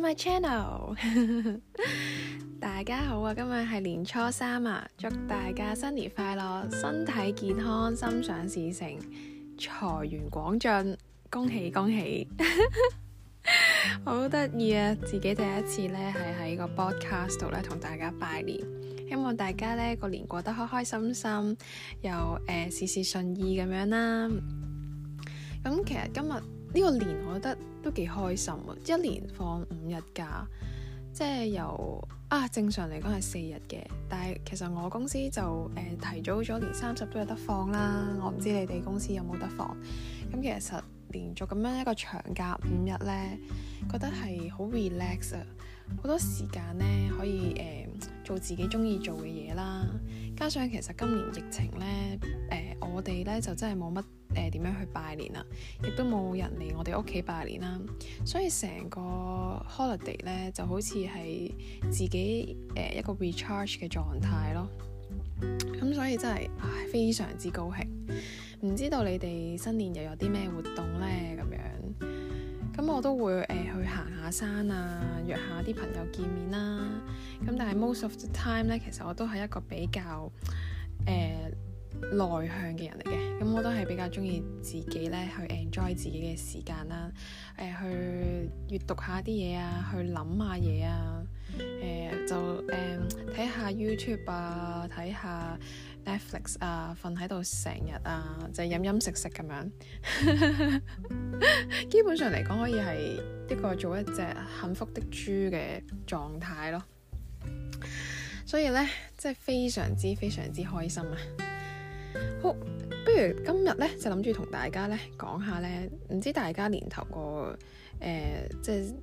My channel， 大家好啊！今日係年初三啊，祝大家新年快樂，身體健康，心想事成，財源廣進，恭喜恭喜！ 好得意啊，自己第一次呢，係喺個 broadcast 度呢同大家拜年，希望大家呢、呢個年過得開開心心，又事事、呃、順意咁樣啦。咁其實今日。呢個年我覺得都幾開心啊！一年放五日假，即係由啊正常嚟講係四日嘅，但係其實我公司就誒、呃、提早咗年三十都有得放啦。我唔知你哋公司有冇得放？咁其實連續咁樣一個長假五日呢，覺得係好 relax 啊，好多時間呢，可以誒、呃做自己中意做嘅嘢啦，加上其實今年疫情咧，誒、呃、我哋咧就真係冇乜誒點樣去拜年啊，亦都冇人嚟我哋屋企拜年啦，所以成個 holiday 咧就好似係自己誒、呃、一個 recharge 嘅狀態咯。咁所以真係唉非常之高興，唔知道你哋新年又有啲咩活動咧咁樣。咁我都會誒、呃、去行下山啊，約下啲朋友見面啦、啊。咁但係 most of the time 呢，其實我都係一個比較誒內、呃、向嘅人嚟嘅。咁我都係比較中意自己呢，去 enjoy 自己嘅時間啦、啊。誒、呃、去閱讀一下啲嘢啊，去諗下嘢啊。誒、呃、就誒睇、呃、下 YouTube 啊，睇下，Netflix 啊，瞓喺度成日啊，就飲、是、飲食食咁樣， 基本上嚟講可以係一個做一隻幸福的豬嘅狀態咯。所以呢，真係非常之非常之開心啊！好，不如今日呢，就諗住同大家呢講下呢，唔知大家年頭個誒、呃、即係，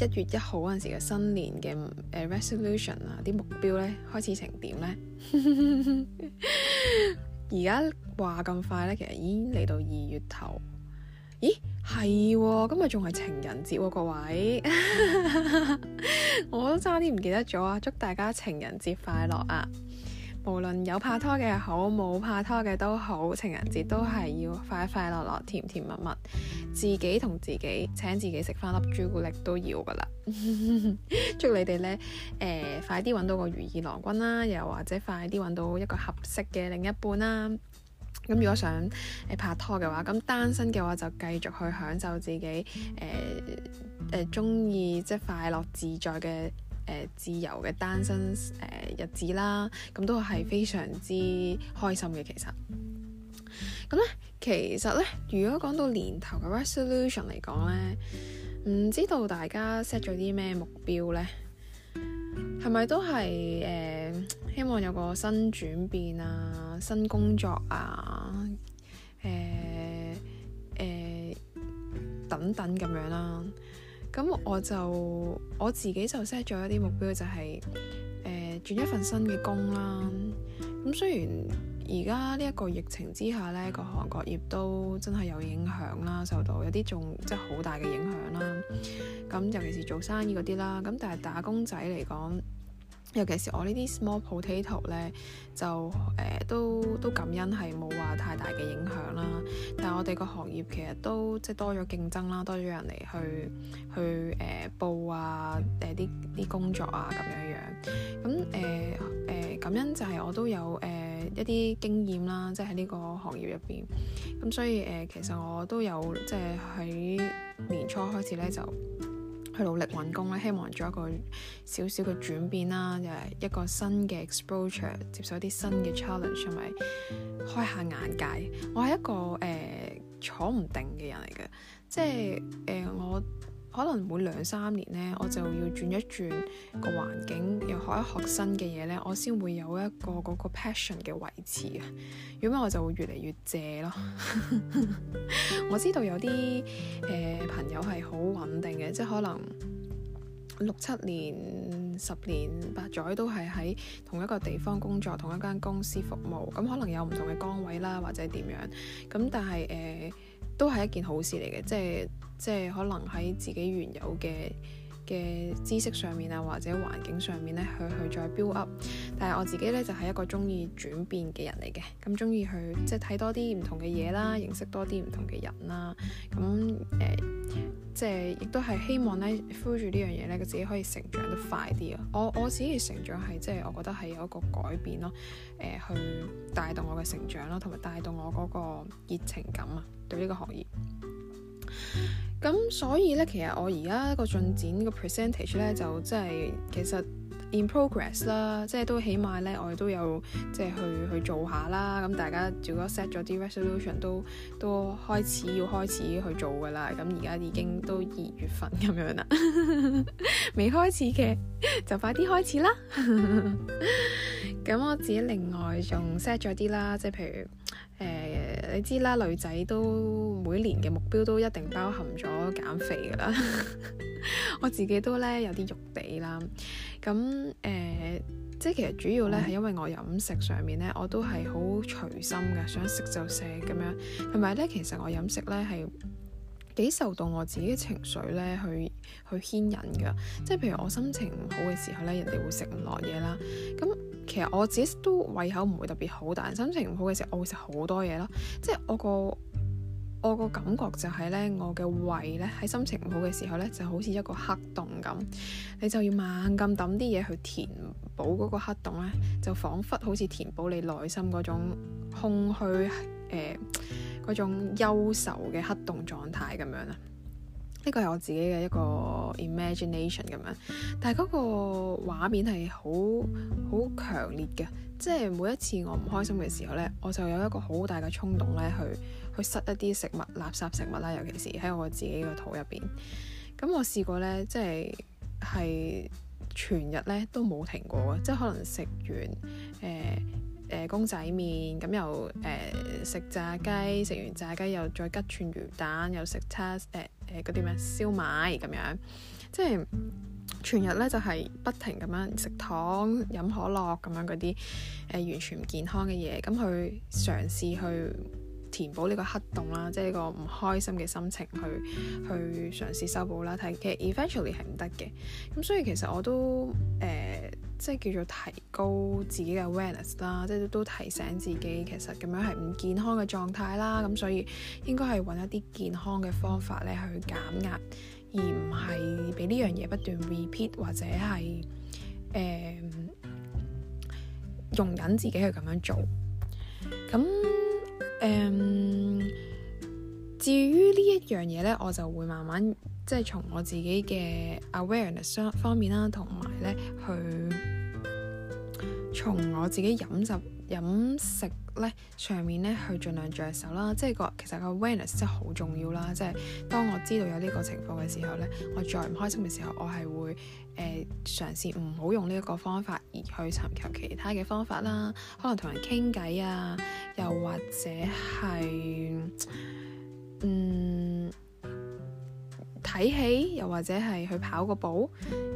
一月一號嗰陣時嘅新年嘅誒、呃、resolution 啊，啲目標咧開始成點咧？而家話咁快咧，其實已經嚟到二月頭。咦，係，今日仲係情人節喎、啊，各位， 我都差啲唔記得咗啊！祝大家情人節快樂啊！無論有拍拖嘅好，冇拍拖嘅都好，情人節都係要快快樂樂、甜甜蜜蜜，自己同自己請自己食翻粒朱古力都要㗎喇。 祝你哋呢，誒、呃、快啲揾到個如意郎君啦，又或者快啲揾到一個合適嘅另一半啦。咁如果想誒、呃、拍拖嘅話，咁單身嘅話就繼續去享受自己誒誒鍾意即快樂自在嘅。呃、自由嘅單身、呃、日子啦，咁都係非常之開心嘅。其實，咁咧，其實咧，如果講到年頭嘅 resolution 嚟講咧，唔知道大家 set 咗啲咩目標呢？係咪都係誒、呃、希望有個新轉變啊、新工作啊、誒、呃呃、等等咁樣啦、啊。咁我就我自己就 set 咗一啲目標，就係、是、誒、呃、轉一份新嘅工啦。咁雖然而家呢一個疫情之下呢，各行各業都真係有影響啦，受到有啲仲即係好大嘅影響啦。咁尤其是做生意嗰啲啦，咁但係打工仔嚟講。尤其是我呢啲 small potato 咧，就誒、呃、都都感恩係冇話太大嘅影響啦。但係我哋個行業其實都即係多咗競爭啦，多咗人嚟去去誒、呃、報啊誒啲啲工作啊咁樣樣。咁誒誒感恩就係我都有誒一啲經驗啦，即係喺呢個行業入邊。咁所以誒、呃、其實我都有即係喺年初開始咧就。努力揾工咧，希望做一個少少嘅轉變啦，就係、是、一個新嘅 exposure，接受一啲新嘅 challenge，同埋開下眼界。我係一個誒、呃、坐唔定嘅人嚟嘅，即係誒我。可能每兩三年呢，我就要轉一轉個環境，又學一學新嘅嘢呢，我先會有一個嗰個 passion 嘅維持啊。如果唔係，我就會越嚟越借咯。 我知道有啲、呃、朋友係好穩定嘅，即係可能六七年、十年、八載都係喺同一個地方工作、同一間公司服務。咁可能有唔同嘅崗位啦，或者點樣。咁但係誒。呃都係一件好事嚟嘅，即係即係可能喺自己原有嘅嘅知識上面啊，或者環境上面咧，去去再 build up。但係我自己咧，就係、是、一個中意轉變嘅人嚟嘅，咁中意去即係睇多啲唔同嘅嘢啦，認識多啲唔同嘅人啦。咁誒、呃，即係亦都係希望咧，follow 住呢樣嘢咧，佢自己可以成長得快啲咯。我我自己成長係即係，就是、我覺得係有一個改變咯，誒、呃，去帶動我嘅成長咯，同埋帶動我嗰個熱情感啊，對呢個行業。咁所以咧，其實我而家個進展個 percentage 咧，就真係其實 in progress 啦，即係都起碼咧，我哋都有即係去去做下啦。咁大家如果 set 咗啲 resolution，都都開始要開始去做噶啦。咁而家已經都二月份咁樣啦，未 開始嘅就快啲開始啦。咁 我自己另外仲 set 咗啲啦，即係譬如。誒、呃，你知啦，女仔都每年嘅目標都一定包含咗減肥㗎啦。 我自己都咧有啲肉地啦。咁誒、呃，即係其實主要咧係因為我飲食上面咧，我都係好隨心嘅，想食就食咁樣。同埋咧，其實我飲食咧係。幾受到我自己情緒咧去去牽引噶，即係譬如我心情唔好嘅時候咧，人哋會食唔落嘢啦。咁其實我自己都胃口唔會特別好，但係心情唔好嘅時候我我，我會食好多嘢咯。即係我個我個感覺就係咧，我嘅胃咧喺心情唔好嘅時候咧，就好似一個黑洞咁，你就要猛咁抌啲嘢去填補嗰個黑洞咧，就仿佛好似填補你內心嗰種空虛誒。呃嗰種憂愁嘅黑洞狀態咁樣啦，呢個係我自己嘅一個 imagination 咁樣，但係嗰個畫面係好好強烈嘅，即係每一次我唔開心嘅時候呢，我就有一個好大嘅衝動呢，去去塞一啲食物、垃圾食物啦，尤其是喺我自己個肚入邊。咁我試過呢，即係係全日呢都冇停過，即係可能食完誒。呃誒、呃、公仔麵，咁又誒食炸雞，食完炸雞又再吉串魚蛋，又食叉誒誒嗰啲咩燒賣咁樣，即係全日咧就係、是、不停咁樣食糖、飲可樂咁樣嗰啲誒完全唔健康嘅嘢，咁、嗯、去嘗試去。填補呢個黑洞啦，即係呢個唔開心嘅心情去，去去嘗試修補啦。但係其實 eventually 係唔得嘅。咁所以其實我都誒、呃，即係叫做提高自己嘅 awareness 啦，即係都提醒自己其實咁樣係唔健康嘅狀態啦。咁所以應該係揾一啲健康嘅方法咧去減壓，而唔係俾呢樣嘢不斷 repeat 或者係誒、呃、容忍自己去咁樣做。咁誒，um，至於呢一樣嘢咧，我就會慢慢即係從我自己嘅 awareness 方面啦，同埋咧去從我自己飲食。飲食咧上面咧去盡量着手啦，即係個其實個 awareness 真係好重要啦，即係當我知道有呢個情況嘅時候咧，我再唔開心嘅時候，我係會誒、呃、嘗試唔好用呢一個方法，而去尋求其他嘅方法啦，可能同人傾偈啊，又或者係嗯睇戲，又或者係去跑個步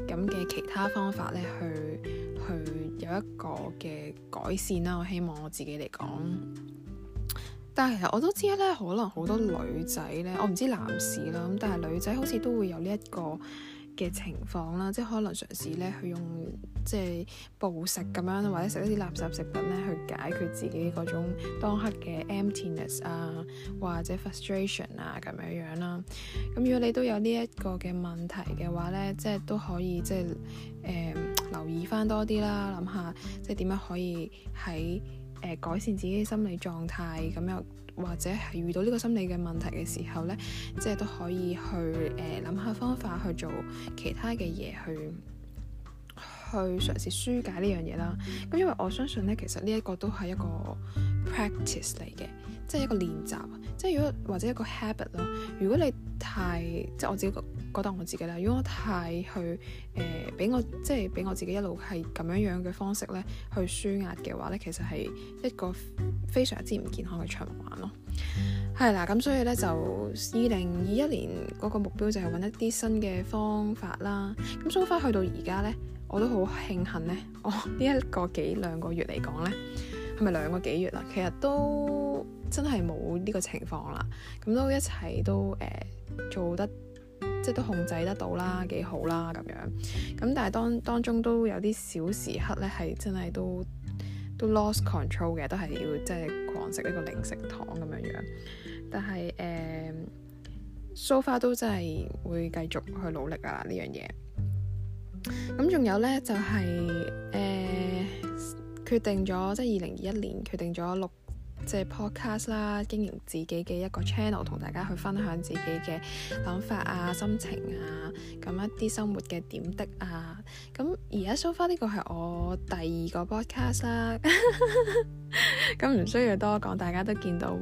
咁嘅其他方法咧去。佢有一個嘅改善啦，我希望我自己嚟講。但係其實我都知咧，可能好多女仔咧，我唔知男士啦，咁但係女仔好似都會有呢一個。嘅情況啦，即係可能嘗試咧去用即係暴食咁樣，或者食一啲垃圾食品咧去解決自己嗰種當刻嘅 emptiness 啊，或者 frustration 啊咁樣樣啦。咁如果你都有呢一個嘅問題嘅話咧，即係都可以即係誒、呃、留意翻多啲啦，諗下即係點樣可以喺誒、呃、改善自己嘅心理狀態咁樣。或者係遇到呢個心理嘅問題嘅時候呢，即係都可以去誒諗、呃、下方法去做其他嘅嘢去去嘗試疏解呢樣嘢啦。咁因為我相信呢，其實呢一個都係一個 practice 嚟嘅。即係一個練習，即係如果或者一個 habit 咯。如果你太即係我自己覺得我自己啦，如果我太去誒俾、呃、我即係俾我自己一路係咁樣樣嘅方式咧去舒壓嘅話咧，其實係一個非常之唔健康嘅循環咯。係啦，咁所以咧就二零二一年嗰個目標就係揾一啲新嘅方法啦。咁 so far，去到而家咧，我都好慶幸咧，我呢一個幾兩個月嚟講咧。係咪兩個幾月啦、啊？其實都真係冇呢個情況啦，咁都一齊都誒、欸、做得即係都控制得到啦，幾好啦咁樣。咁但係當當中都有啲小時刻咧，係真係都都 lost control 嘅，都係要即係、就是、狂食呢個零食糖咁樣樣。但係誒，so、欸、far、so、都真係會繼續去努力噶啦樣呢樣嘢。咁仲有咧就係、是、誒。欸決定咗即係二零二一年決定咗錄即係 podcast 啦，經營自己嘅一個 channel，同大家去分享自己嘅諗法啊、心情啊，咁一啲生活嘅點滴啊。咁而家 so far 呢個係我第二個 podcast 啦，咁 唔需要多講，大家都見到，誒、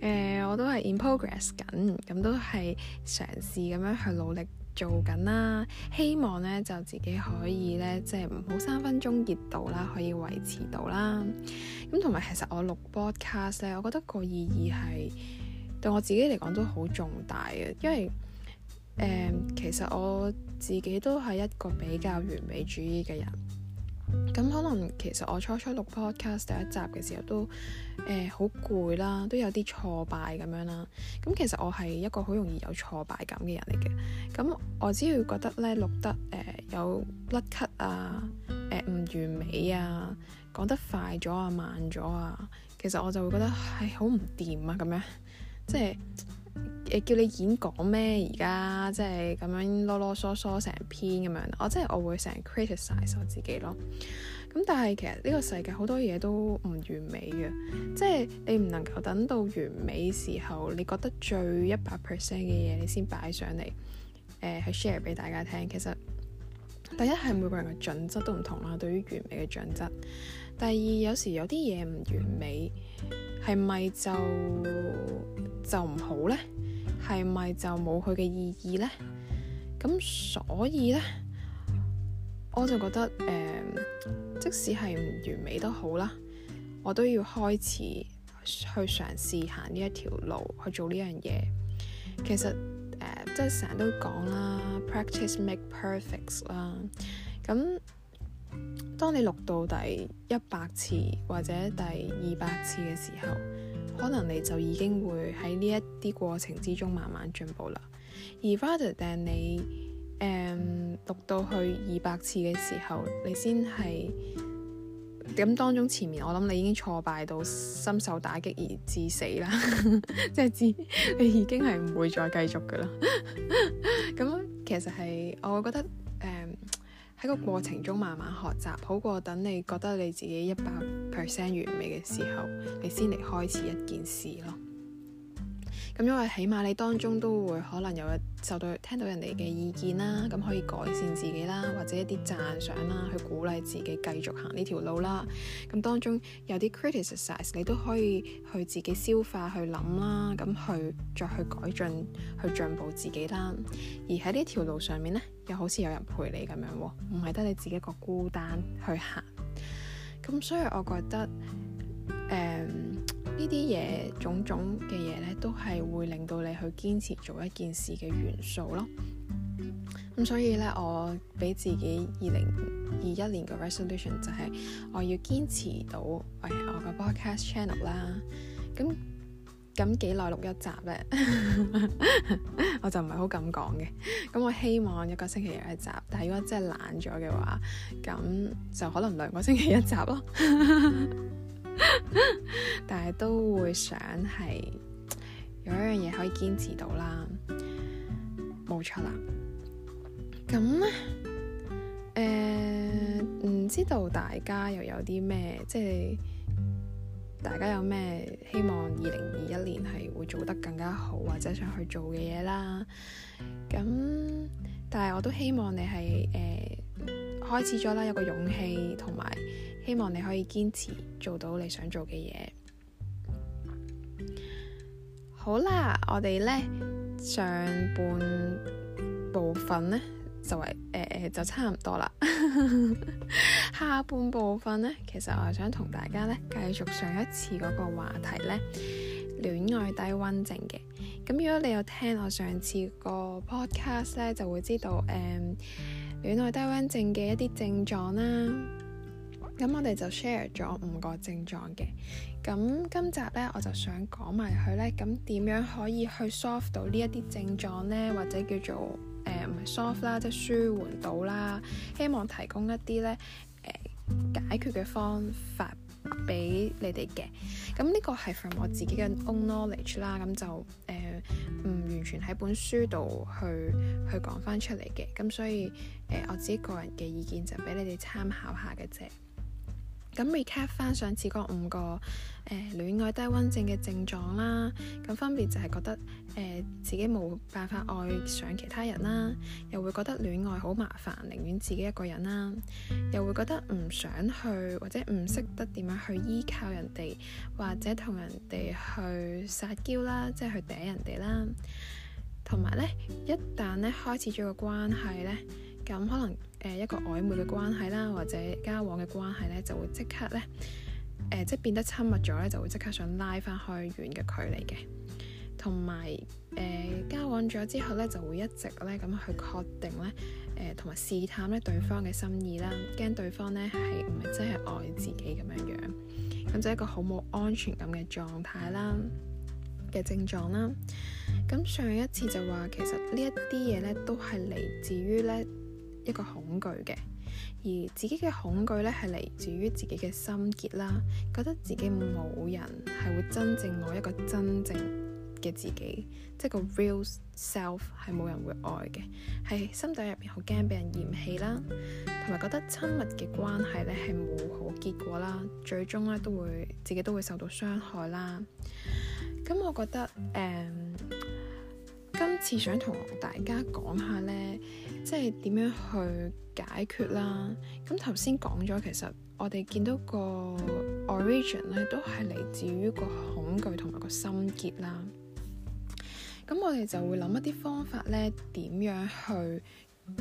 呃、我都係 in progress 緊，咁都係嘗試咁樣去努力。做緊啦，希望咧就自己可以咧，即係唔好三分鐘熱度啦，可以維持到啦。咁同埋其實我錄 podcast 咧，我覺得個意義係對我自己嚟講都好重大嘅，因為，呃，其實我自己都係一個比較完美主義嘅人。咁可能其實我初初錄 podcast 第一集嘅時候都誒好攰啦，都有啲挫敗咁樣啦。咁、嗯、其實我係一個好容易有挫敗感嘅人嚟嘅。咁、嗯、我只要覺得咧錄得誒、呃、有甩咳啊、誒、呃、唔完美啊、講得快咗啊、慢咗啊，其實我就會覺得係好唔掂啊咁樣，即係。誒，叫你演講咩？而家即係咁樣囉囉嗦嗦成篇咁樣，我真係我會成日 criticize 我自己咯。咁但係其實呢個世界好多嘢都唔完美嘅，即係你唔能夠等到完美時候，你覺得最一百 percent 嘅嘢你先擺上嚟，誒、呃，去 share 俾大家聽。其實第一係每個人嘅準則都唔同啦，對於完美嘅準則。第二，有時有啲嘢唔完美，係咪就？就唔好呢？係咪就冇佢嘅意義呢？咁所以呢，我就覺得、呃、即使係唔完美都好啦，我都要開始去嘗試行呢一條路去做呢樣嘢。其實、呃、即係成日都講啦，practice make perfect 啦。咁當你錄到第一百次或者第二百次嘅時候，可能你就已經會喺呢一啲過程之中慢慢進步啦。而 Father 你誒讀到去二百次嘅時候，你先係咁當中前面，我諗你已經挫敗到深受打擊而致死啦， 即係致你已經係唔會再繼續噶啦。咁 其實係我覺得誒喺、嗯、個過程中慢慢學習，好過等你覺得你自己一百，去聲完美嘅時候，你先嚟開始一件事咯。咁因為起碼你當中都會可能有一受到聽到人哋嘅意見啦，咁可以改善自己啦，或者一啲讚賞啦，去鼓勵自己繼續行呢條路啦。咁當中有啲 criticism，你都可以去自己消化去諗啦，咁去再去改進去進步自己啦。而喺呢條路上面呢，又好似有人陪你咁樣喎，唔係得你自己一個孤單去行。咁所以我覺得，誒，呢啲嘢種種嘅嘢咧，都係會令到你去堅持做一件事嘅元素咯。咁所以咧，我俾自己二零二一年嘅 resolution 就係我要堅持到維持、哎、我個 broadcast channel 啦。咁咁幾耐錄一集呢？ 我就唔係好敢講嘅。咁 我希望一個星期有一集，但係如果真係懶咗嘅話，咁就可能兩個星期一集咯。 但係都會想係有一樣嘢可以堅持到啦。冇錯啦。咁呢？誒、呃、唔知道大家又有啲咩即係？就是大家有咩希望二零二一年係會做得更加好，或者想去做嘅嘢啦？咁，但係我都希望你係誒、呃、開始咗啦，有個勇氣，同埋希望你可以堅持做到你想做嘅嘢。好啦，我哋呢上半部分呢就係誒誒就差唔多啦。 下半部分呢，其實我係想同大家咧繼續上一次嗰個話題呢，戀愛低溫症嘅。咁如果你有聽我上次個 podcast 咧，就會知道誒，戀愛低溫症嘅一啲症狀啦。咁我哋就 share 咗五個症狀嘅。咁今集呢，我就想講埋佢呢，咁點樣可以去 solve 到呢一啲症狀呢？或者叫做。誒唔係 soft 啦，即係舒緩到啦，希望提供一啲咧誒解決嘅方法俾你哋嘅。咁呢個係 from 我自己嘅 own knowledge 啦，咁就誒唔完全喺本書度去去講返出嚟嘅。咁所以誒、呃、我自己個人嘅意見就俾你哋參考下嘅啫。咁 recap 翻上次嗰五個誒、呃、戀愛低溫症嘅症狀啦，咁分別就係覺得誒、呃、自己冇辦法愛上其他人啦，又會覺得戀愛好麻煩，寧願自己一個人啦，又會覺得唔想去或者唔識得點樣去依靠人哋，或者同人哋去撒嬌啦，即係去嗲人哋啦，同埋呢一旦呢開始咗個關係呢，咁可能。誒、呃、一個曖昧嘅關係啦，或者交往嘅關係呢，就會即刻呢，呃、即係變得親密咗呢，就會即刻想拉翻開遠嘅距離嘅。同埋誒交往咗之後呢，就會一直呢，咁去確定呢，同、呃、埋試探呢對方嘅心意啦，驚對方呢，係唔係真係愛自己咁樣樣。咁就一個好冇安全感嘅狀態啦嘅症狀啦。咁上一次就話其實呢一啲嘢呢，都係嚟自於呢。一個恐懼嘅，而自己嘅恐懼呢，係嚟自於自己嘅心結啦，覺得自己冇人係會真正愛一個真正嘅自己，即係個 real self 係冇人會愛嘅，係心底入邊好驚俾人嫌棄啦，同埋覺得親密嘅關係呢，係冇好結果啦，最終呢，都會自己都會受到傷害啦，咁我覺得誒。嗯今次想同大家講下咧，即係點樣去解決啦。咁頭先講咗，其實我哋見到個 origin 咧，都係嚟自於個恐懼同埋個心結啦。咁我哋就會諗一啲方法咧，點樣去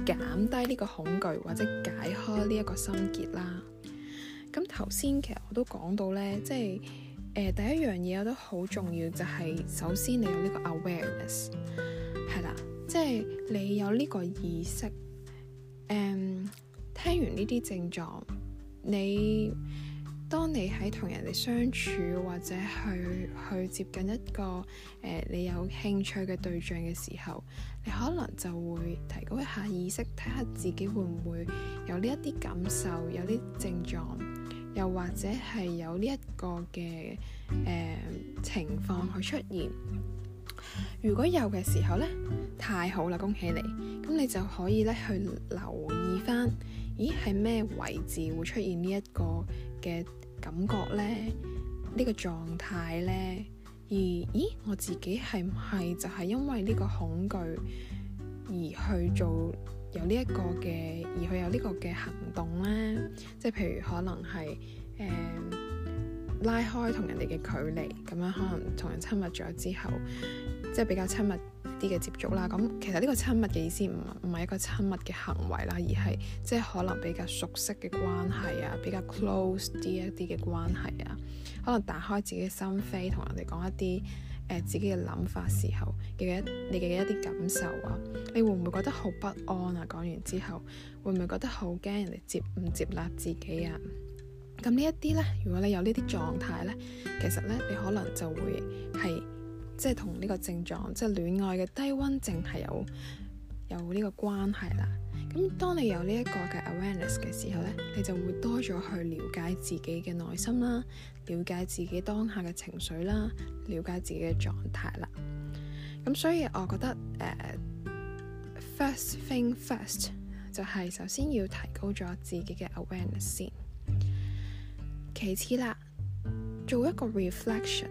減低呢個恐懼或者解開呢一個心結啦。咁頭先其實我都講到咧，即係。誒、呃、第一樣嘢我都好重要，就係、是、首先你有呢個 awareness，係啦，即係你有呢個意識。誒、嗯，聽完呢啲症狀，你當你喺同人哋相處或者去去接近一個誒、呃、你有興趣嘅對象嘅時候，你可能就會提高一下意識，睇下自己會唔會有呢一啲感受，有啲症狀。又或者係有呢一個嘅誒、呃、情況去出現，如果有嘅時候呢，太好啦，恭喜你！咁你就可以咧去留意翻，咦係咩位置會出現呢一個嘅感覺呢？呢、呢個狀態呢？而咦我自己係唔係就係、係、因為呢個恐懼而去做？有呢一個嘅，而佢有呢個嘅行動啦，即係譬如可能係誒、呃、拉開同人哋嘅距離，咁樣可能同人親密咗之後，即係比較親密啲嘅接觸啦。咁其實呢個親密嘅意思唔唔係一個親密嘅行為啦，而係即係可能比較熟悉嘅關係啊，比較 close 啲一啲嘅關係啊，可能打開自己嘅心扉，同人哋講一啲。誒、呃、自己嘅諗法時候嘅一你嘅一啲感受啊，你會唔會覺得好不安啊？講完之後，會唔會覺得好驚人哋接唔接納自己啊？咁呢一啲呢，如果你有呢啲狀態呢，其實呢，你可能就會係即係同呢個症狀，即係戀愛嘅低溫症係有有呢個關係啦。咁，當你有呢一個嘅 awareness 嘅時候呢，你就會多咗去了解自己嘅內心啦，了解自己當下嘅情緒啦，了解自己嘅狀態啦。咁所以我覺得誒，uh，first thing first 就係首先要提高咗自己嘅 awareness 先，其次啦，做一個 reflection，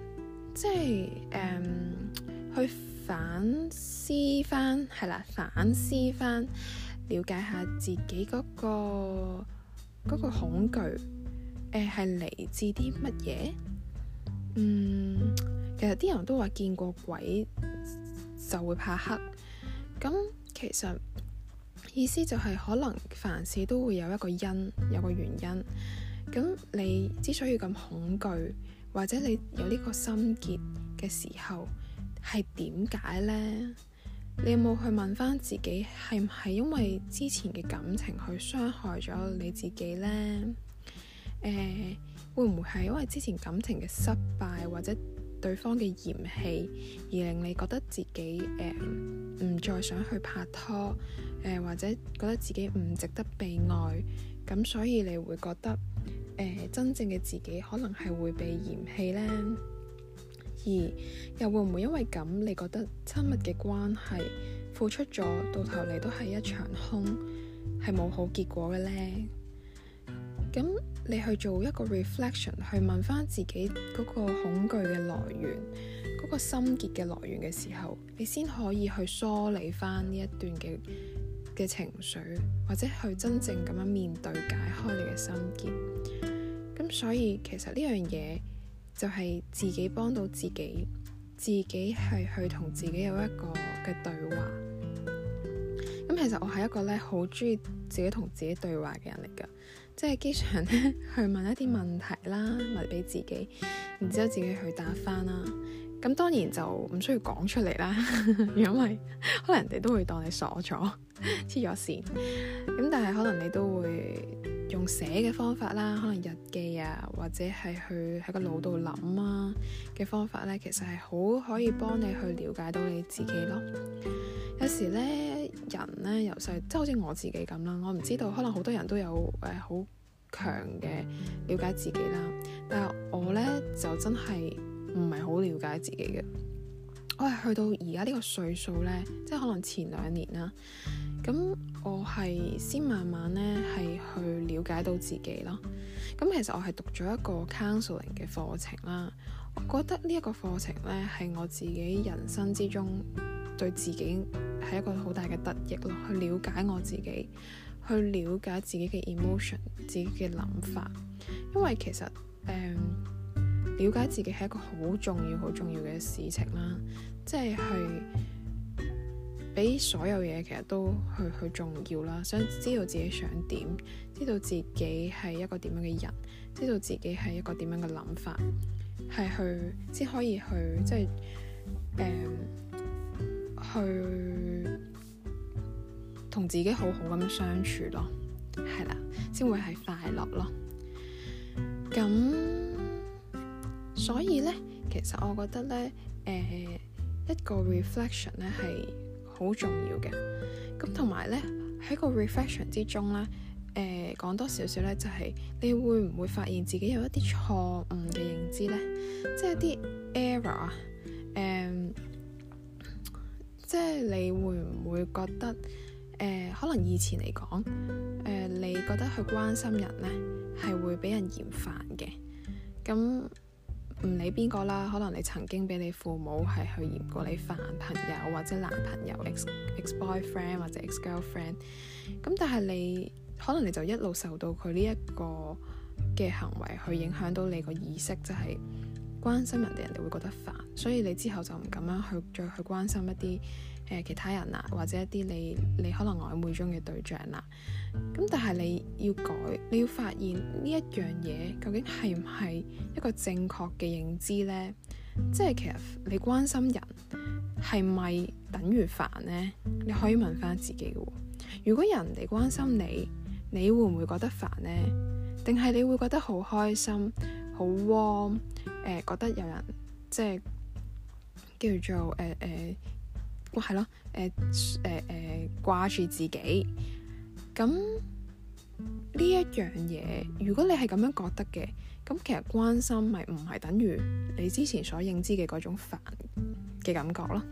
即係，um，去反思翻，係啦，反思翻。了解下自己嗰個嗰個恐懼，誒係嚟自啲乜嘢？嗯，其實啲人都話見過鬼就會怕黑，咁其實意思就係可能凡事都會有一個因，有個原因。咁你之所以咁恐懼，或者你有呢個心結嘅時候，係點解呢？你有冇去問翻自己，係唔係因為之前嘅感情去傷害咗你自己呢？誒、呃，會唔會係因為之前感情嘅失敗，或者對方嘅嫌棄，而令你覺得自己呃、唔再想去拍拖？呃，或者覺得自己唔值得被愛，咁所以你會覺得、呃、真正嘅自己可能係會被嫌棄呢？而又會唔會因為咁，你覺得親密嘅關係付出咗，到頭嚟都係一場空，係冇好結果嘅呢？咁你去做一個 reflection，去問翻自己嗰個恐懼嘅來源，嗰個心結嘅來源嘅時候，你先可以去梳理翻呢一段嘅嘅情緒，或者去真正咁樣面對解開你嘅心結。咁所以其實呢樣嘢。就係自己幫到自己，自己係去同自己有一個嘅對話。咁其實我係一個咧好中意自己同自己對話嘅人嚟㗎，即係經常咧去問一啲問題啦，問俾自己，然之後自己去答翻啦。咁當然就唔需要講出嚟啦，因為可能人哋都會當你傻咗、黐 咗線。咁但係可能你都會。用寫嘅方法啦，可能日記啊，或者係去喺個腦度諗啊嘅方法呢，其實係好可以幫你去了解到你自己咯。有時呢，人呢由細，即係好似我自己咁啦，我唔知道，可能好多人都有誒好、呃、強嘅了解自己啦，但係我呢，就真係唔係好了解自己嘅。我係去到而家呢個歲數呢，即係可能前兩年啦。咁我係先慢慢咧，係去了解到自己咯。咁其實我係讀咗一個 counseling 嘅課程啦。我覺得呢一個課程咧，係我自己人生之中對自己係一個好大嘅得益咯。去了解我自己，去了解自己嘅 emotion，自己嘅諗法。因為其實誒，瞭解自己係一個好重要、好重要嘅事情啦。即係。比所有嘢，其實都去去重要啦。想知道自己想點，知道自己係一個點樣嘅人，知道自己係一個點樣嘅諗法，係去先可以去即係、嗯、去同自己好好咁樣相處咯，係啦，先會係快樂咯。咁所以呢，其實我覺得呢，誒、呃、一個 reflection 呢係。好重要嘅，咁同埋呢，喺個 reflection 之中啦，誒、呃、講多少少呢，就係、是、你會唔會發現自己有一啲錯誤嘅認知呢？即係啲 error，啊，嗯、即係你會唔會覺得、呃，可能以前嚟講、呃，你覺得去關心人呢，係會俾人嫌煩嘅，咁。唔理邊個啦，可能你曾經俾你父母係去嫌過你煩，朋友或者男朋友 ex ex boyfriend 或者 ex girlfriend，咁但係你可能你就一路受到佢呢一個嘅行為去影響到你個意識，就係、是、關心人哋人哋會覺得煩，所以你之後就唔咁樣去再去關心一啲。誒、呃、其他人啦、啊，或者一啲你你可能曖昧中嘅對象啦、啊，咁、嗯、但係你要改，你要發現呢一樣嘢究竟係唔係一個正確嘅認知呢？即係其實你關心人係咪等於煩呢？你可以問翻自己喎、啊。如果有人哋關心你，你會唔會覺得煩呢？定係你會覺得好開心、好 warm？誒、呃、覺得有人即係叫做誒誒。呃呃係咯，誒誒誒，掛住自己，咁呢一樣嘢，如果你係咁樣覺得嘅，咁其實關心咪唔係等於你之前所認知嘅嗰種煩嘅感覺咯，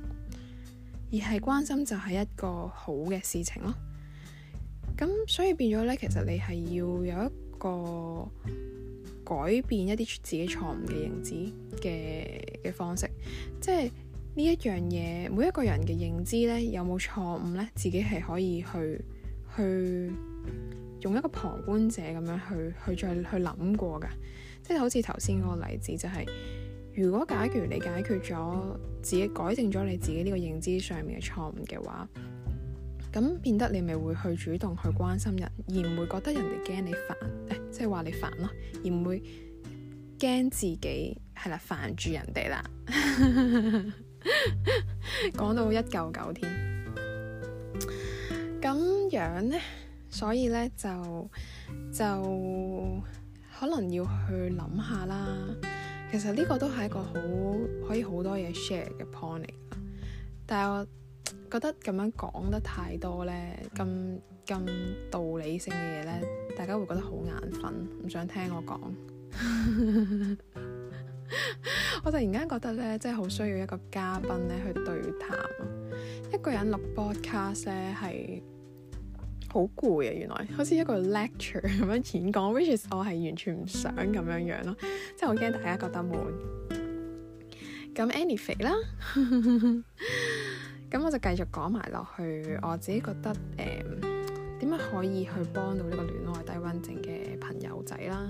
而係關心就係一個好嘅事情咯。咁所以變咗咧，其實你係要有一個改變一啲自己錯誤嘅認知嘅嘅方式，即係。呢一樣嘢，每一個人嘅認知呢，有冇錯誤呢？自己係可以去去用一個旁觀者咁樣去去再去諗過㗎。即係好似頭先嗰個例子，就係、係、如果假如你解決咗自己改正咗你自己呢個認知上面嘅錯誤嘅話，咁變得你咪會去主動去關心人，而唔會覺得人哋驚你煩，欸、即係話你煩咯，而唔會驚自己係啦、啊、煩住人哋啦。 講 到一舊九添，咁樣呢？所以呢，就就可能要去諗下啦。其實呢個都係一個好可以好多嘢 share 嘅 point 嚟，但係我覺得咁樣講得太多呢，咁咁道理性嘅嘢呢，大家會覺得好眼瞓，唔想聽我講。 我突然間覺得咧，即係好需要一個嘉賓咧去對談啊！一個人錄 podcast 咧係好攰啊，原來好似一個 lecture 咁樣演講，which is 我係完全唔想咁樣樣咯，即係好驚大家覺得悶。咁 anyway 啦，咁 我就繼續講埋落去。我自己覺得誒，點、呃、樣可以去幫到呢個戀愛低温症嘅朋友仔啦？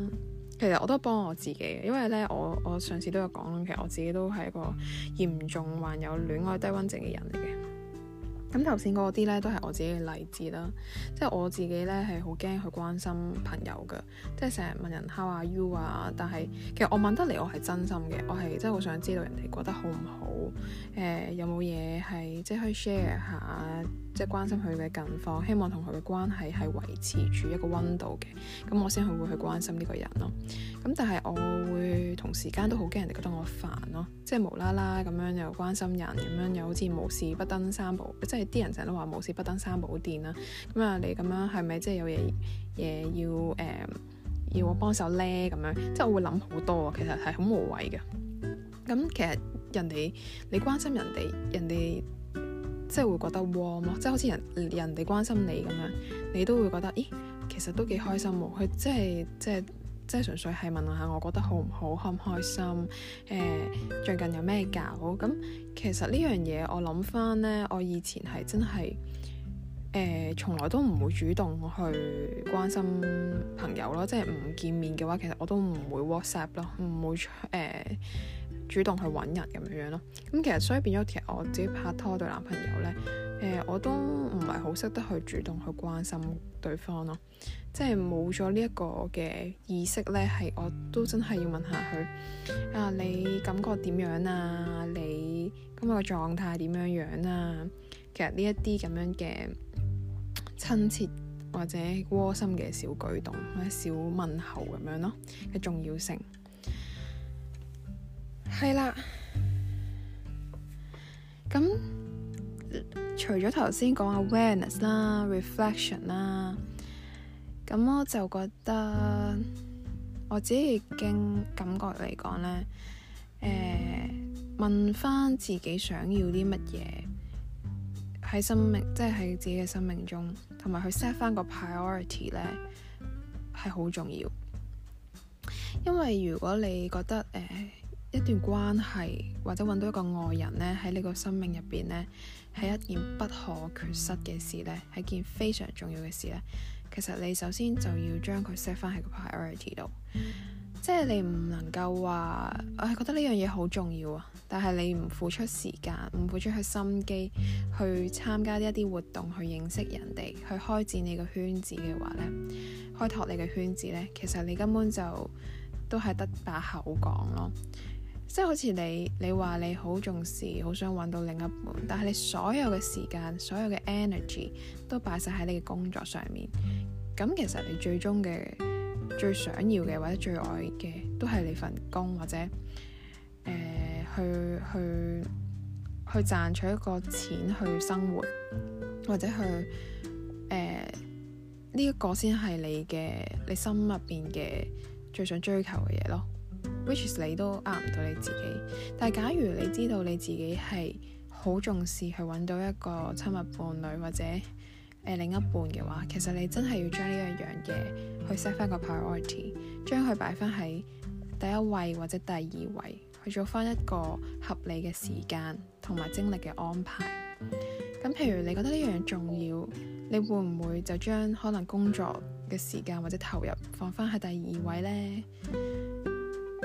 其實我都幫我自己嘅，因為咧我我上次都有講啦，其實我自己都係一個嚴重患有戀愛低溫症嘅人嚟嘅。咁頭先嗰啲咧都係我自己嘅例子啦，即係我自己咧係好驚去關心朋友㗎，即係成日問人 How are you? 啊，但係其實我問得嚟我係真心嘅，我係真係好想知道人哋過得好唔好，誒、呃、有冇嘢係即係可以 share 下。即係關心佢嘅近況，希望同佢嘅關係係維持住一個溫度嘅，咁我先去會去關心呢個人咯。咁但係我會同時間都好驚人哋覺得我煩咯，即係無啦啦咁樣又關心人，咁樣又好似無事不登三寶，即係啲人成日都話無事不登三寶殿啦。咁啊，你咁樣係咪即係有嘢嘢要誒、嗯、要我幫手咧？咁樣即係我會諗好多啊，其實係好無謂嘅。咁其實人哋你關心人哋，人哋。即係會覺得 warm 咯，即係好似人人哋關心你咁樣，你都會覺得，咦、欸，其實都幾開心喎。佢即係即係即係純粹係問下我覺得好唔好，開唔開心？誒、呃，最近有咩搞？咁、嗯、其實呢樣嘢我諗翻呢，我以前係真係誒，從、呃、來都唔會主動去關心朋友咯。即係唔見面嘅話，其實我都唔會 WhatsApp 咯，唔會誒。主動去揾人咁樣樣咯，咁其實所以變咗其實我自己拍拖對男朋友呢，誒、呃、我都唔係好識得去主動去關心對方咯，即係冇咗呢一個嘅意識呢，係我都真係要問下佢，啊你感覺點樣啊？你今日嘅狀態點樣樣啊？其實呢一啲咁樣嘅親切或者窩心嘅小舉動或者小問候咁樣咯嘅重要性。係啦，咁除咗頭先講嘅 awareness 啦、reflection 啦，咁我就覺得我自己已經感覺嚟講咧，誒、呃，問翻自己想要啲乜嘢喺生命，即係喺自己嘅生命中，同埋去 set 翻個 priority 咧，係好重要。因為如果你覺得誒，呃一段關係或者揾到一個愛人呢，喺你個生命入邊呢，係一件不可缺失嘅事呢，係件非常重要嘅事呢，其實你首先就要將佢 set 翻喺個 priority 度，即係你唔能夠話我係覺得呢樣嘢好重要啊，但係你唔付出時間，唔付出去心機去參加一啲活動，去認識人哋，去開展你個圈子嘅話呢，開拓你嘅圈子呢，其實你根本就都係得把口講咯。即係好似你，你話你好重視，好想揾到另一半，但係你所有嘅時間、所有嘅 energy 都擺晒喺你嘅工作上面。咁其實你最終嘅最想要嘅或者最愛嘅，都係你份工或者、呃、去去去，去賺取一個錢去生活，或者去呢一、呃這個先係你嘅你心入邊嘅最想追求嘅嘢咯。Which is 你都呃唔到你自己，但係假如你知道你自己係好重視去揾到一個親密伴侶或者另一半嘅話，其實你真係要將呢樣嘢去 set 翻個 priority，將佢擺翻喺第一位或者第二位，去做翻一個合理嘅時間同埋精力嘅安排。咁譬如你覺得呢樣重要，你會唔會就將可能工作嘅時間或者投入放翻喺第二位咧？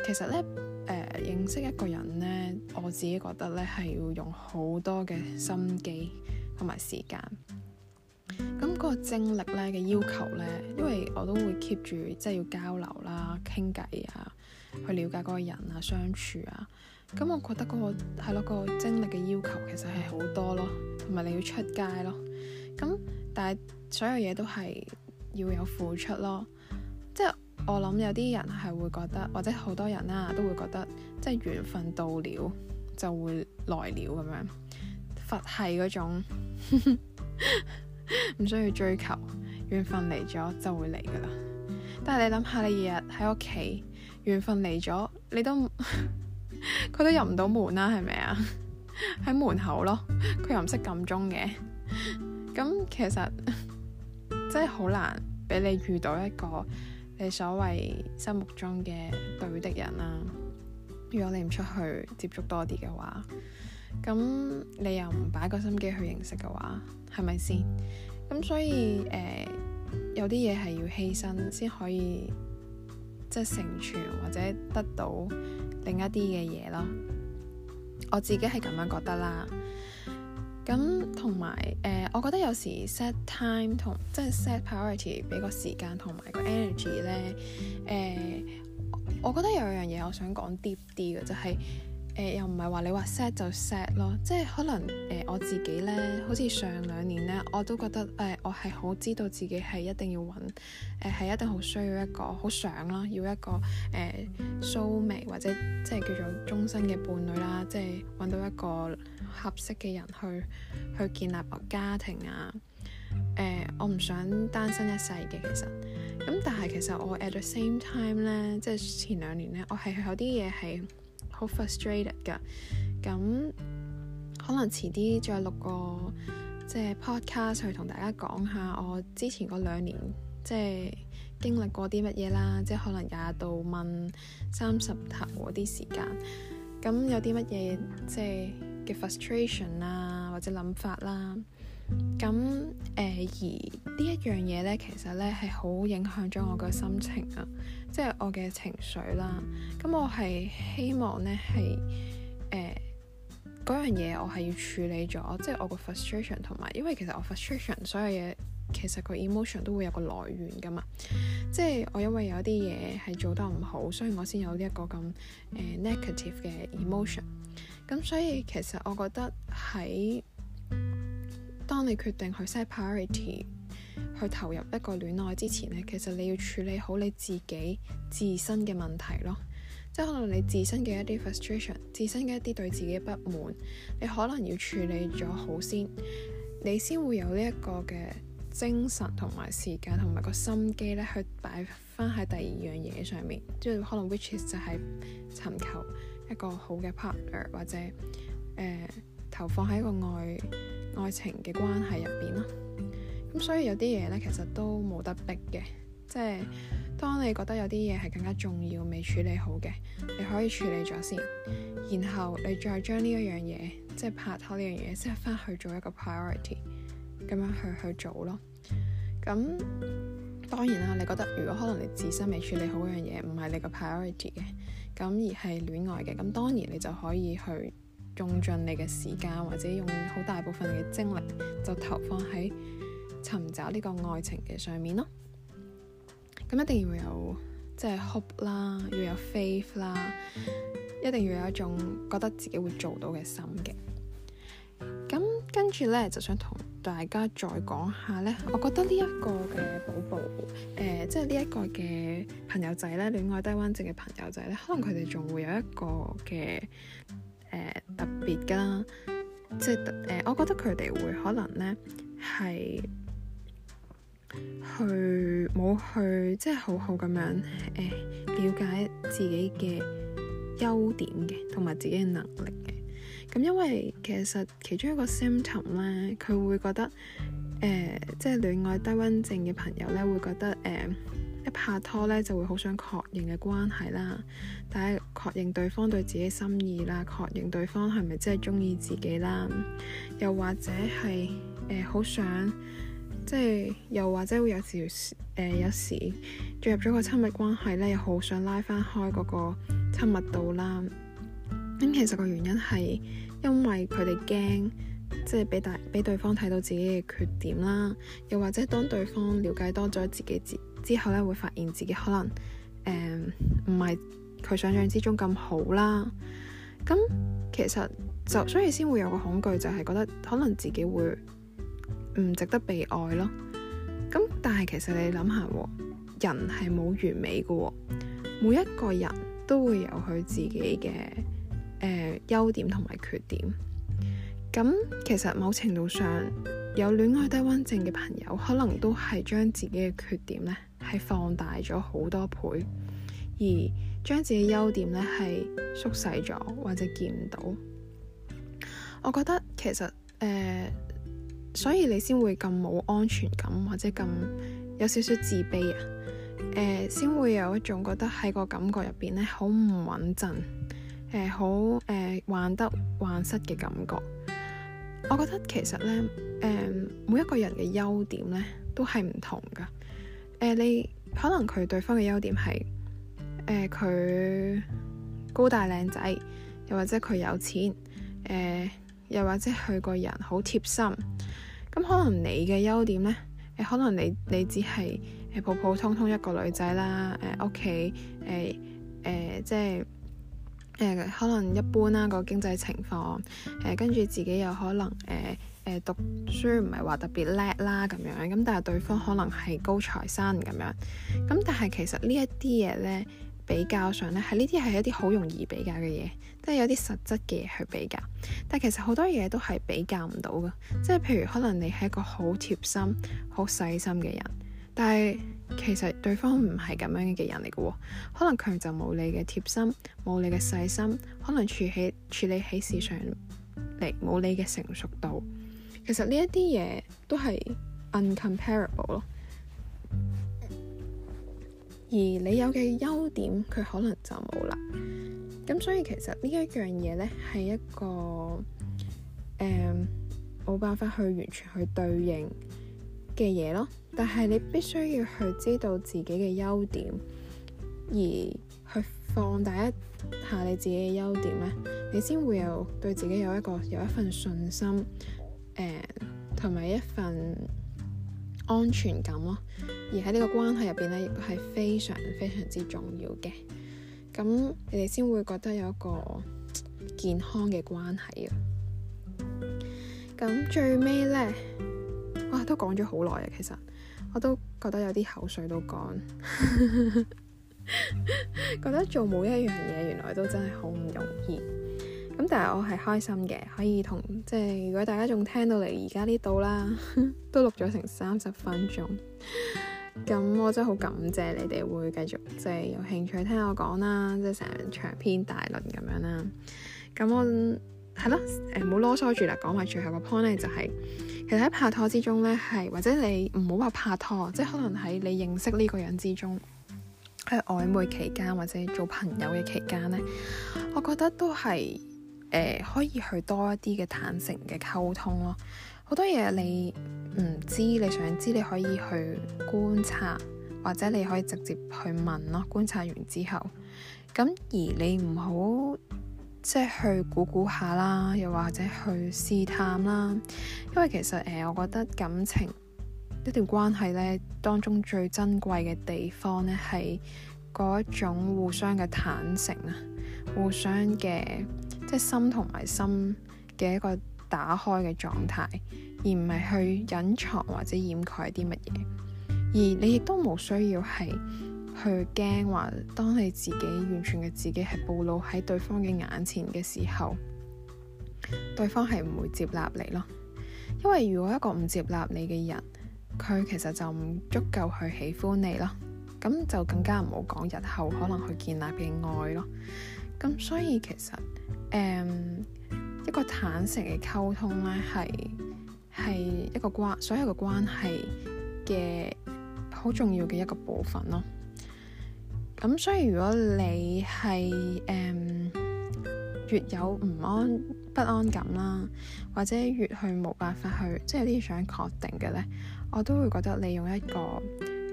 其實咧，誒、呃，認識一個人咧，我自己覺得咧係要用好多嘅心機同埋時間。咁嗰個精力咧嘅要求咧，因為我都會 keep 住即係要交流啦、傾偈啊，去了解嗰個人啊、相處啊。咁我覺得嗰、嗰個係咯，嗰個精力嘅要求其實係好多咯，同埋你要出街咯。咁但係所有嘢都係要有付出咯。我諗有啲人係會覺得，或者好多人啦、啊，都會覺得即係緣分到了就會來了咁樣。佛系嗰種唔 需要追求，緣分嚟咗就會嚟噶啦。但係你諗下，你日日喺屋企，緣分嚟咗你都佢 都入唔到門啦，係咪啊？喺 門口咯，佢又唔識撳鐘嘅。咁其實真係好難俾你遇到一個。你所謂心目中嘅對的人啦、啊，如果你唔出去接觸多啲嘅話，咁你又唔擺個心機去認識嘅話，係咪先？咁所以誒、呃，有啲嘢係要犧牲先可以即係、就是、成全或者得到另一啲嘅嘢咯。我自己係咁樣覺得啦。咁同埋誒，我覺得有時 set time 同即係 set priority 俾個時間同埋個 energy 咧誒、呃，我覺得有樣嘢我想講 deep 啲嘅就係、是、誒、呃，又唔係話你話 set 就 set 咯，即係可能誒、呃、我自己咧，好似上兩年咧，我都覺得誒、呃、我係好知道自己係一定要揾誒，係、呃、一定好需要一個好想啦，要一個誒、呃、soulmate 或者即係叫做終身嘅伴侶啦，即係揾到一個。合適嘅人去去建立個家庭啊！誒、呃，我唔想單身一世嘅其實咁，但係其實我 at the same time 呢，即係前兩年呢，我係有啲嘢係好 frustrated 㗎。咁可能遲啲再錄個即係 podcast 去同大家講下我之前嗰兩年即係經歷過啲乜嘢啦，即係可能廿度到三十頭嗰啲時間，咁有啲乜嘢即係。嘅 frustration 啊，或者諗法啦、啊，咁誒、呃、而一呢一樣嘢咧，其實咧係好影響咗我個心情啊，即係我嘅情緒啦、啊。咁我係希望咧係誒嗰樣嘢我係要處理咗，即係我個 frustration 同埋，因為其實我 frustration 所，所有嘢其實個 emotion 都會有個來源噶嘛，即係我因為有啲嘢係做得唔好，所以我先有呢一個咁誒、呃、negative 嘅 emotion。咁所以其實我覺得喺，當你決定去 set priority 去投入一個戀愛之前呢，其實你要處理好你自己自身嘅問題咯，即係可能你自身嘅一啲 frustration、自身嘅一啲對自己嘅不滿，你可能要處理咗好先，你先會有呢一個嘅精神同埋時間同埋個心機咧，去擺翻喺第二樣嘢上面，即係可能 which is 就係尋求。一個好嘅 partner 或者誒、呃、投放喺一個愛愛情嘅關係入邊咯。咁所以有啲嘢呢，其實都冇得逼嘅，即係當你覺得有啲嘢係更加重要未處理好嘅，你可以處理咗先，然後你再將呢一樣嘢即係拍拖呢樣嘢，即係返去做一個 priority 咁樣去去做咯。咁當然啦，你覺得如果可能你自身未處理好嗰樣嘢，唔係你個 priority 嘅。咁而係戀愛嘅，咁當然你就可以去用盡你嘅時間，或者用好大部分嘅精力，就投放喺尋找呢個愛情嘅上面咯。咁一定要有即係 hope 啦，要有 faith 啦，一定要有一種覺得自己會做到嘅心嘅。咁跟住呢，就想同。大家再講下咧，我覺得呢、這、一個嘅、呃、寶寶，誒、呃，即係呢一個嘅朋友仔咧，戀愛低溫症嘅朋友仔咧，可能佢哋仲會有一個嘅誒、呃、特別㗎啦，即係特、呃、我覺得佢哋會可能咧係去冇去，即係好好咁樣誒了解自己嘅優點嘅，同埋自己嘅能力。咁、嗯、因為其實其中一個 symptom 咧，佢會覺得誒、呃，即係戀愛低溫症嘅朋友咧，會覺得誒、呃，一拍拖咧就會好想確認嘅關係啦，但係確認對方對自己心意啦，確認對方係咪真係中意自己啦，又或者係誒好想即係，又或者會有時誒有時、呃、有時進入咗個親密關係咧，又好想拉翻開嗰個親密度啦。咁其實個原因係因為佢哋驚，即係俾大俾對方睇到自己嘅缺點啦。又或者當對方了解多咗自，自己之之後咧，會發現自己可能誒唔係佢想象之中咁好啦。咁其實就所以先會有個恐懼，就係覺得可能自己會唔值得被愛咯。咁但係其實你諗下，人係冇完美嘅、哦，每一個人都會有佢自己嘅。誒、呃、優點同埋缺點咁，其實某程度上有戀愛低溫症嘅朋友，可能都係將自己嘅缺點呢係放大咗好多倍，而將自己優點呢係縮細咗或者見唔到。我覺得其實誒、呃，所以你先會咁冇安全感，或者咁有少少自卑啊，先、呃、會有一種覺得喺個感覺入邊呢好唔穩陣。誒好誒患得患失嘅感覺，我覺得其實咧誒、呃、每一個人嘅優點咧都係唔同噶。誒、呃、你可能佢對方嘅優點係誒佢高大靚仔，又或者佢有錢，誒、呃、又或者佢個人好貼心。咁可能你嘅優點咧，誒、呃、可能你你只係誒、呃、普普通通一個女仔啦。誒屋企誒誒即係。誒可能一般啦，個經濟情況誒跟住自己有可能誒誒讀書唔係話特別叻啦咁樣，咁但係對方可能係高材生咁樣，咁但係其實呢一啲嘢咧比較上咧，係呢啲係一啲好容易比較嘅嘢，即係有啲實質嘅嘢去比較，但係其實好多嘢都係比較唔到噶，即係譬如可能你係一個好貼心、好細心嘅人，但係。其實對方唔係咁樣嘅人嚟嘅。哦，可能佢就冇你嘅貼心，冇你嘅細心，可能處起處理起事上嚟，冇你嘅成熟度。其實呢一啲嘢都係 uncomparable 咯。而你有嘅優點，佢可能就冇啦。咁所以其實呢一樣嘢呢，係一個誒嗯、冇辦法去完全去對應嘅嘢咯。但係你必須要去知道自己嘅優點，而去放大一下你自己嘅優點咧，你先會有對自己有一個有一份信心，誒、呃，同埋一份安全感咯。而喺呢個關係入邊咧，亦係非常非常之重要嘅。咁你哋先會覺得有一個健康嘅關係啊。咁最尾咧，哇，都講咗好耐啊，其實～我都覺得有啲口水都乾， 覺得做每一樣嘢原來都真係好唔容易。咁但係我係開心嘅，可以同即係如果大家仲聽到嚟而家呢度啦，都錄咗成三十分鐘。咁我真係好感謝你哋會繼續即係、就是、有興趣聽我講啦，即係成長篇大論咁樣啦。咁我係囉，誒唔好囉嗦住啦，講、呃、埋最後個 point 咧就係、是。其實喺拍拖之中咧，係，或者你唔好話拍拖，即係可能喺你認識呢個人之中，喺曖昧期間，或者做朋友嘅期間咧，我覺得都係誒、呃、可以去多一啲嘅坦誠嘅溝通咯。好多嘢你唔知，你想知你可以去觀察，或者你可以直接去問咯。觀察完之後，咁而你唔好，即係去估估下啦，又或者去試探啦，因為其實誒、呃，我覺得感情一段關係咧，當中最珍貴嘅地方咧，係嗰一種互相嘅坦誠啊，互相嘅即係心同埋心嘅一個打開嘅狀態，而唔係去隱藏或者掩蓋啲乜嘢，而你亦都冇需要係。佢驚話，當你自己完全嘅自己係暴露喺對方嘅眼前嘅時候，對方係唔會接納你咯。因為如果一個唔接納你嘅人，佢其實就唔足夠去喜歡你咯。咁就更加唔好講日後可能去建立嘅愛咯。咁所以其實，誒、嗯，一個坦誠嘅溝通咧，係係一個關所有嘅關係嘅好重要嘅一個部分咯。咁所以如果你係誒、um，越有唔安不安感啦，或者越去冇辦法去，即係有啲想確定嘅呢，我都會覺得你用一個、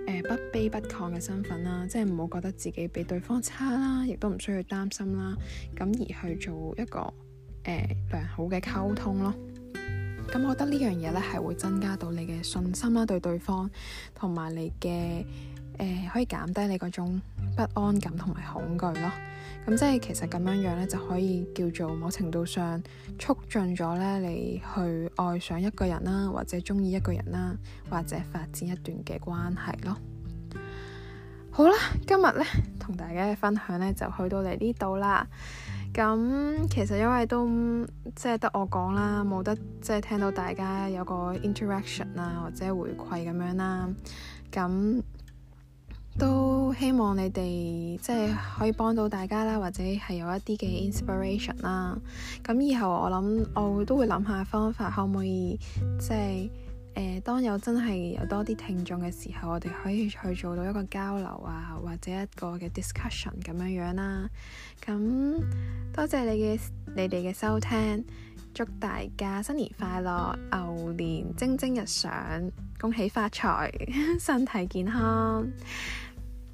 呃、不卑不亢嘅身份啦，即係唔好覺得自己比對方差啦，亦都唔需要擔心啦，咁而去做一個誒、呃、良好嘅溝通咯。咁我覺得呢樣嘢呢係會增加到你嘅信心啦，對對方同埋你嘅。誒、呃、可以減低你嗰種不安感同埋恐懼咯，咁即係其實咁樣樣咧就可以叫做某程度上促進咗咧你去愛上一個人啦，或者中意一個人啦，或者發展一段嘅關係咯。好啦，今日咧同大家嘅分享咧就去到嚟呢度啦。咁其實因為都即係得我講啦，冇得即係聽到大家有個 interaction 啊或者回饋咁樣啦、啊，咁。都希望你哋即係可以幫到大家啦，或者係有一啲嘅 inspiration 啦。咁、嗯、以後我諗我會都會諗下方法，可唔可以即係誒、呃，當有真係有多啲聽眾嘅時候，我哋可以去做到一個交流啊，或者一個嘅 discussion 咁樣樣啦。咁、嗯、多謝你嘅你哋嘅收聽，祝大家新年快樂，牛年蒸蒸日上，恭喜發財， 身體健康。